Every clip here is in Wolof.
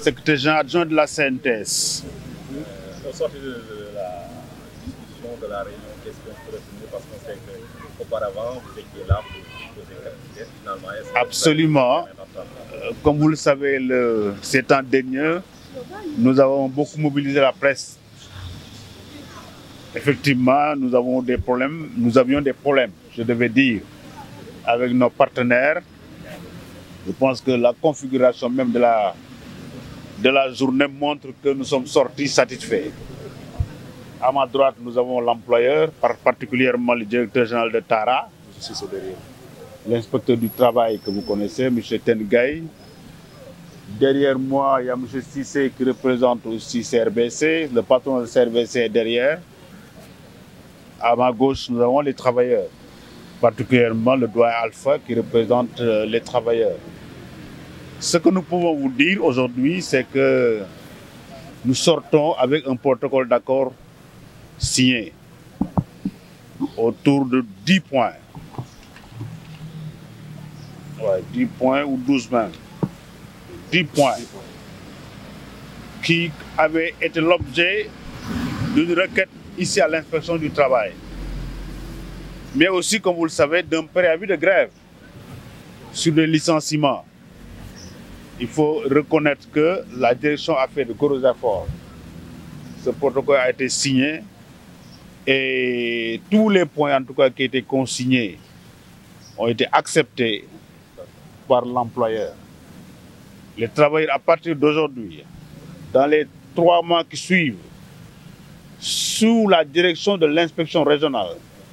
secrétaire général adjoint de la CNTS. Au sortir de, la la réunion, Absolument. Euh, comme vous le savez, le, ces temps derniers, nous avons beaucoup mobilisé la presse Effectivement, nous avons des problèmes, nous des problèmes, je devais dire, avec nos partenaires. Je pense que la configuration même de la, de la journée montre que nous sommes sortis satisfaits. À ma droite, nous avons l'employeur, particulièrement le directeur général de Tara, l'inspecteur du travail que vous connaissez, M. Tengay. Derrière moi, il y a M. Sissé qui représente aussi CRBC. Le patron de CRBC est derrière. À ma gauche, nous avons les travailleurs, particulièrement le doigt alpha qui représente euh, les travailleurs. Ce que nous pouvons vous dire aujourd'hui, c'est que nous sortons avec un protocole d'accord signé autour de 10 points. Ouais, 10 points ou 12 même. points qui avaient été l'objet d'une requête ici à l'inspection du travail. mais aussi, comme vous le savez, d'un préavis de grève sur le licenciement. Il faut reconnaître que la direction a fait de gros efforts. Ce protocole a été signé et tous les points, en tout cas, qui étaient consignés ont été acceptés par l'employeur. Les travailleurs, à partir d'aujourd'hui, dans les trois mois qui suivent, sous la direction de l'inspection régionale,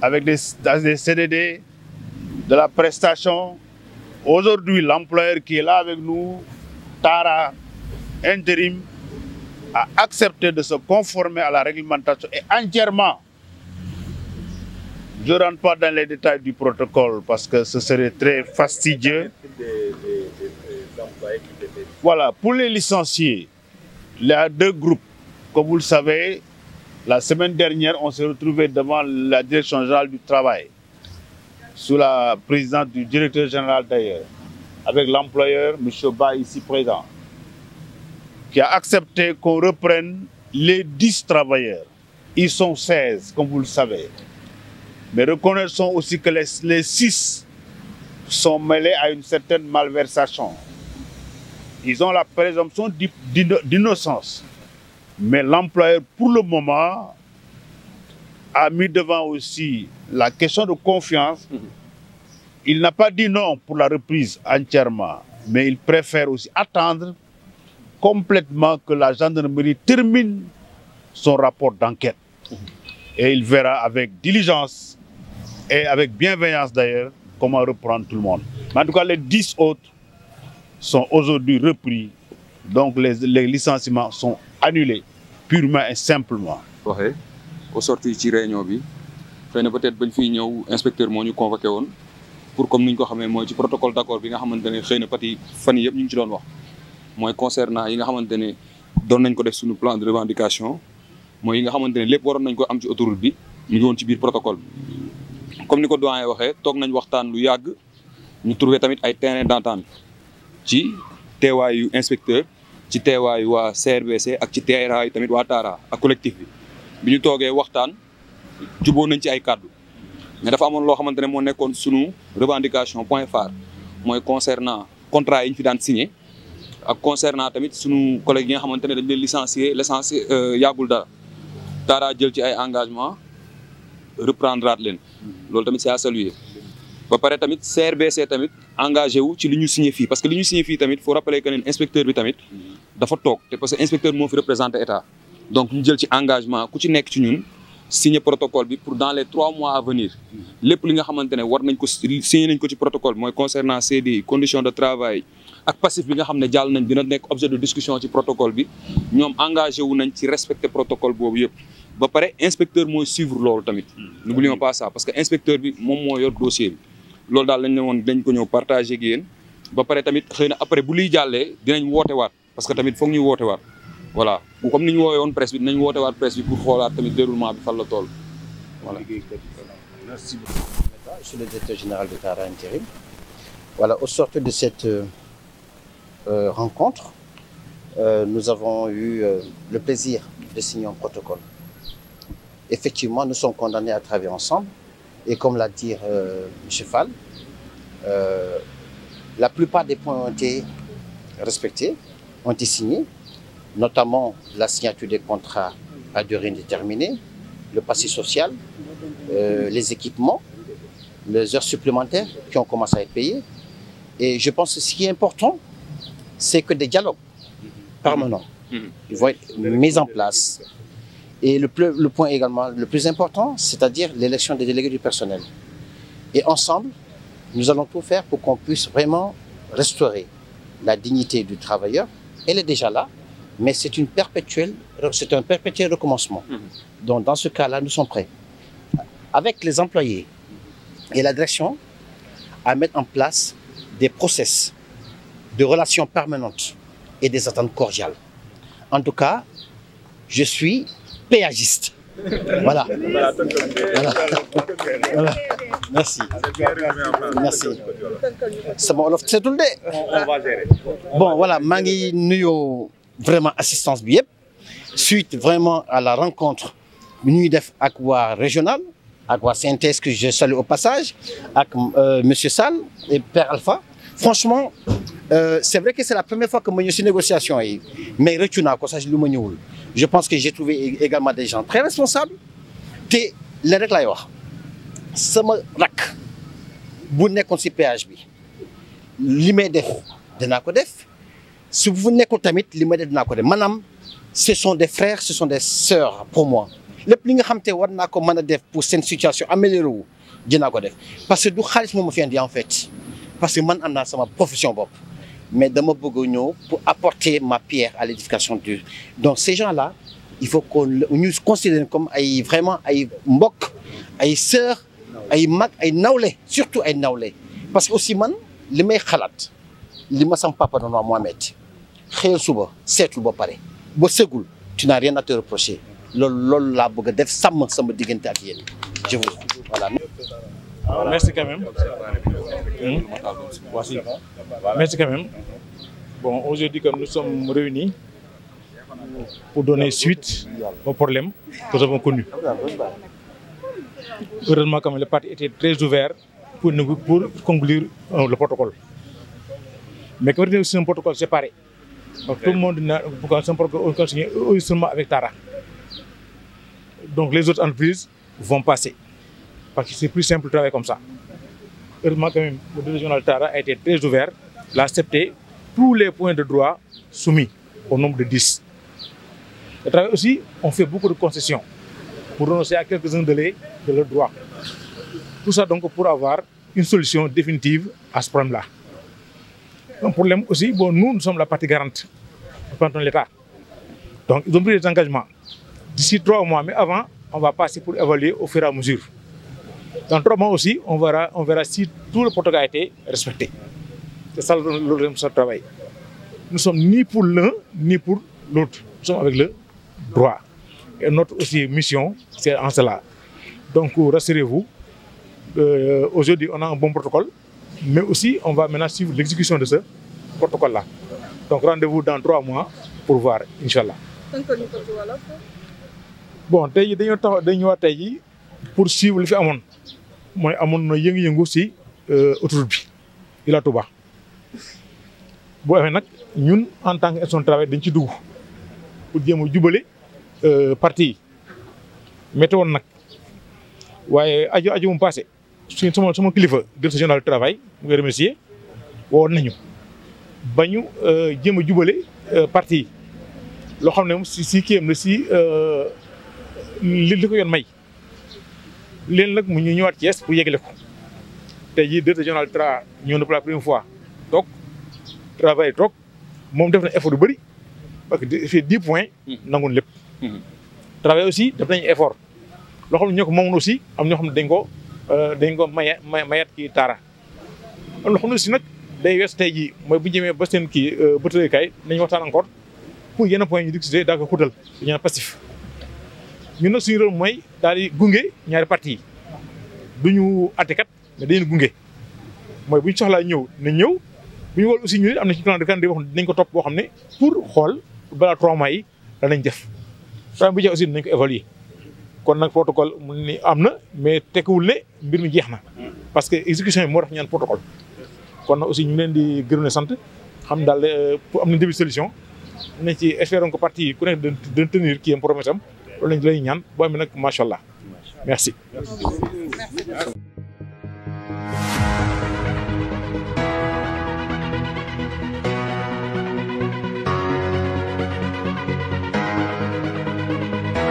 avec des, des CDD, de la prestation. Aujourd'hui, l'employeur qui est là avec nous, Tara Intérim, a accepté de se conformer à la réglementation et entièrement. Je ne rentre pas dans les détails du protocole parce que ce serait très fastidieux. Voilà, pour les licenciés, il y a deux groupes. Comme vous le savez, La semaine dernière, on s'est retrouvé devant la direction générale du travail, sous la présidence du directeur général d'ailleurs, avec l'employeur, M. Ba, ici présent, qui a accepté qu'on reprenne les 10 travailleurs. Ils sont 16, comme vous le savez. Mais reconnaissons aussi que les, les 6 sont mêlés à une certaine malversation. Ils ont la présomption d'innocence. Mais l'employeur, pour le moment, a mis devant aussi la question de confiance. Mhm. Il n'a pas dit non pour la reprise entièrement, mais il préfère aussi attendre complètement que la gendarmerie termine son rapport d'enquête. Mhm. Et il verra avec diligence et avec bienveillance d'ailleurs comment reprendre tout le monde. Mais en tout cas, les dix autres sont aujourd'hui repris donc les les licenciements sont annulés purement et simplement. waxe ko sorti ci réunion bi xëy na peut-être bañ fiy ñëw inspecteur moo ñu convoqué woon pour comme ni ñu ko xamee mooy ci protocole d'accord bi nga xamante ne xëy na pati fan yëpp ñu ngi ci doon wax mooy concernant yi nga xamante ne doon nañ ko def suñu plan de revendication mooy yi nga xamante ne lépp waroon nañ ko am ci autoroute bi ñu ngi woon ci biir protocole comme ni ko doyen waxee toog nañ waxtaan lu yàgg ñu trouver tamit ay terrain d'entente ci teewaayu inspecteur. ci teewaayu waa CRBC ak ci teewaayu tamit waa Daara ak collectif bi bi ñu toogee waxtaan juboo nañ ci ay kàddu mais dafa amoon loo xamante ne moo nekkoon sunu revendication point phare mooy concernant contrat yi ñu fi daan signé ak concernant tamit sunu collègue yi nga xamante ne dañ leen licencié licence euh, yàggul dara Daara jël ci ay engagement reprendre leen loolu tamit c'est à saluer ba pare tamit CRBC tamit engagé wu ci li ñu signé fii parce que li ñu signé fii tamit faut rappeler que ne bi tamit dafa toog te parce que inspecteur moo fi représenté état donc ñu jël ci engagement ku ci nekk ci ñun signer protocole bi pour dans les trois mois à venir lépp li nga xamante ne war nañ ko signé nañ ko ci protocole mooy concernant CDI conditions de travail ak passif bi nga xam ne jàll nañ dina nekk objet de discussion ci protocole bi ñoom engagé wu nañ ci respecter protocole boobu yëpp ba pare inspecteur mooy suivre loolu tamit n'oublions pas ça parce que inspecteur bi moom moo yor dossier bi loolu daal lañ ne woon dañ ko ñëw partager ak ba pare tamit xëy na après bu liy jàllee dinañ woote parce que tamit foog ñu woote waat voilà comme ni ñu woowee woon presse bi dinañ woote waat presse bi pour xoolaat tamit déroulement bi fan la toll voilà. merci beaucoup. je suis le directeur général de Kara Intérim. voilà au sortir de cette euh, euh, rencontre euh, nous avons eu euh, le plaisir de signer un protocole. Effectivement, nous sommes condamnés à travailler ensemble. Et comme l'a dit euh, M. Fall, euh, la plupart des points ont été respectés. ont été signés, notamment la signature des contrats à durée le passé social, euh, les équipements, les heures supplémentaires qui ont commencé à être Et je pense que ce qui est important, c'est que des dialogues permanents mm-hmm. vont être mis en place. Et le, plus, le point également le plus important, c'est-à-dire l'élection des délégués du personnel. Et ensemble, nous allons tout faire pour qu'on puisse vraiment restaurer la dignité du travailleur, elle est déjà là, mais c'est une perpétuelle, c'est un perpétuel recommencement. Mhm. Donc dans ce cas-là, nous sommes prêts, avec les employés et la direction, à mettre en place des process de relations permanentes et des attentes cordiales. En tout cas, je suis péagiste. voilà voilà merci merci voilà maa ngi nuyoo vraiment assistance bi yëpp suite vraiment à la rencontre bi ñuy def ak waa régional ak waa CNTS que je salue au passage ak euh, monsieur Sall et Père Alpha franchement euh, c'est vrai que c'est la première fois que ma ñëw si négociation yi mais rëccu naa ko sax lu ma ñëwul je pense que j'ai trouvé également des gens très responsables te leen rek laay wax sama rakk bu nekkoon ci péage bi li may def dinaa ko def si bu nekkul tamit li may def dinaa ko def maanaam ce sont des frères ce sont des sœurs pour moi lépp li nga xam te war naa ko mën a def pour seen situation amélioré wu dinaa ko def parce que du xaalis moom ma fi en fait parce que man am naa sama profession bopp mais dama bëgg ñëw pour apporter ma pierre à l'édification du donc ces gens-là il faut qu'on ñu considère comme ay vraiment ay mbokk ay sœur ay mag ay nawle surtout ay nawle parce que aussi man li may xalaat li ma sam papa doon wax Mohamed xëyal suba setul ba pare ba sëgul tu n'as rien à te reprocher loolu loolu laa bëgg def sàmm sama diggante ak yéen merci quand même. Hmm? Merci quand même. Bon, aujourd'hui, comme nous sommes réunis pour donner suite au problème que nous avons connu. Heureusement, quand le parti était très ouvert pour, conclure euh, le protocole. Mais quand c'est un protocole séparé, donc tout le monde n'a un protocole signé Donc les autres entreprises vont passer. Parce que c'est plus simple de travailler comme ça. Heureusement, quand même, le régional Tara a été très ouvert. Il tous les points de droit soumis au nombre de 10. À travers aussi, on fait beaucoup de concessions pour renoncer à quelques-uns délais de leurs droits. Tout ça donc pour avoir une solution définitive à ce problème-là. Un problème aussi, nous, sommes la partie garante du canton l'État. Donc, ils ont D'ici trois mois, mais avant, on va Dans trois mois aussi, on verra, on verra si tout le protocole a été respecté. C'est ça le, notre Nous sommes ni pour l'un ni pour l'autre. Nous sommes avec le droit. Et notre aussi mission, c'est en cela. Donc rassurez-vous, euh, aujourd'hui on a un bon protocole, mais aussi on va maintenant suivre l'exécution de ce protocole-là. Donc rendez-vous dans trois mois pour voir, Inch'Allah. bon tey jii dañoo tax dañu ñëwaat tey jii pour suivre li fi amoon mooy amoon na yëngu-yëngu si euh, autoroute bi Ila Touba boo amee nag ñun en tant que inspection du dañ ci dugg pour jéem a jubale euh, parti yi métti nag waaye ajo aju mu passé suñ sama sama kilifa directeur général du travail mu ngi remercier woon nañu ba ñu euh, jéem a jubale parti yi loo xam ne si si kiyam la si li li yoon may leen nag mu ñu ñëwaat Thiès pour yégale ko tey jii deux régional tra ñëw na pour la première fois toog travail toog moom def na effort yu bëri parce que fii dix points hmm. nangun lépp hmm. travail aussi def nañu effort loo xam ne ñoo ko moomoon aussi am ñoo xam ne dañ ko euh, dañ ko maye mayat kii taara am loo xam ne aussi nag day wees tey jii mooy bu jëmee ba seen kii euh, ba tëddee kaay nañ waxtaan encore pour yenn point ñu discuter daa ko xutal ñaan passif ñun nag suñu rôle mooy daal di gunge ñaari parti yi du ñu àttekat mais dañu gunge mooy bu ñu soxlaa ñëw na ñëw bu ñu wol ñu am na ci plan de candidat wax ko topp boo xam ne pour xool balaa trois mois yi danañ def temps bu aussi dinañ ko évaluer kon nag protocole mu ni am na mais tekkiwul ne mbir mi jeex na parce que exécution yi moo tax ñu naan protocole kon nag aussi ñu leen di gërëm ne sant xam daal euh, pour am na début solution ne ci espérons que parti yi ku nekk dana tenir kii am promesse am loolu lañ lay ñaan boo amee nag macha allah merci. merci.